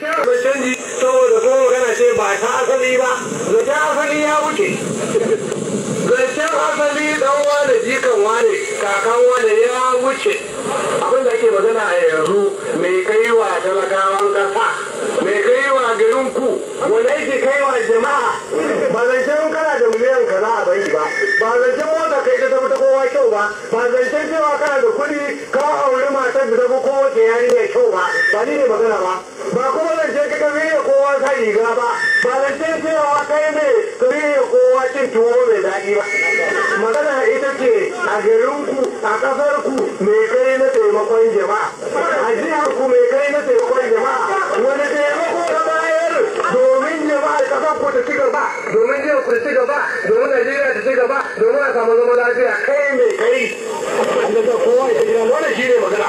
Akwai canji saboda ko magana ce ba ta asali ba, zancen asali ya wuce. Zancen asali dan wane jikan wane kakan ya wuce. Abin da ake magana a yanzu mai kaiwa talakawan ƙasa, mai kaiwa garin ku, wanda yake kaiwa jama'a. Ba zancen kana da miliyan kaza a banki ba, ba zancen mota kai ta tafi ta kowa kyau ba, ba zancen cewa kana da kuɗi ka auri matar da tafi kowace yarinya kyau ba, ba ni ne magana ba. cewa kai ne kare ne kowa cin tuwo mai daɗi ba magana ita ce a garinku a ƙasarku mai kai na taimakon jama'a a jiharku mai kai na taimakon jama'a wani taimako ka bayar domin jama'a ƙasar ku ta ci gaba domin jihar ku ta ci gaba domin Najeriya ta ci gaba domin a samu zama lafiya kai mai kai daga kowa shi ne magana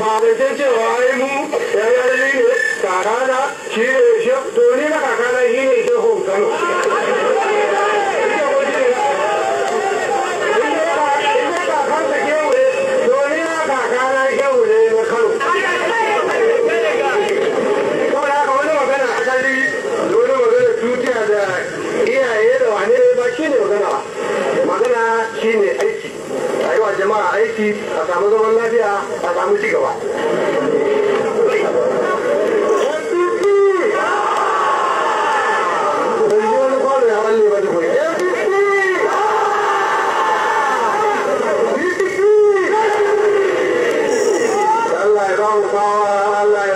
ba mai cewa ai mu ya yi ne tara na shi ne a aiki a samu zaman lafiya a samu cigaba. Allah ya ba mu Allah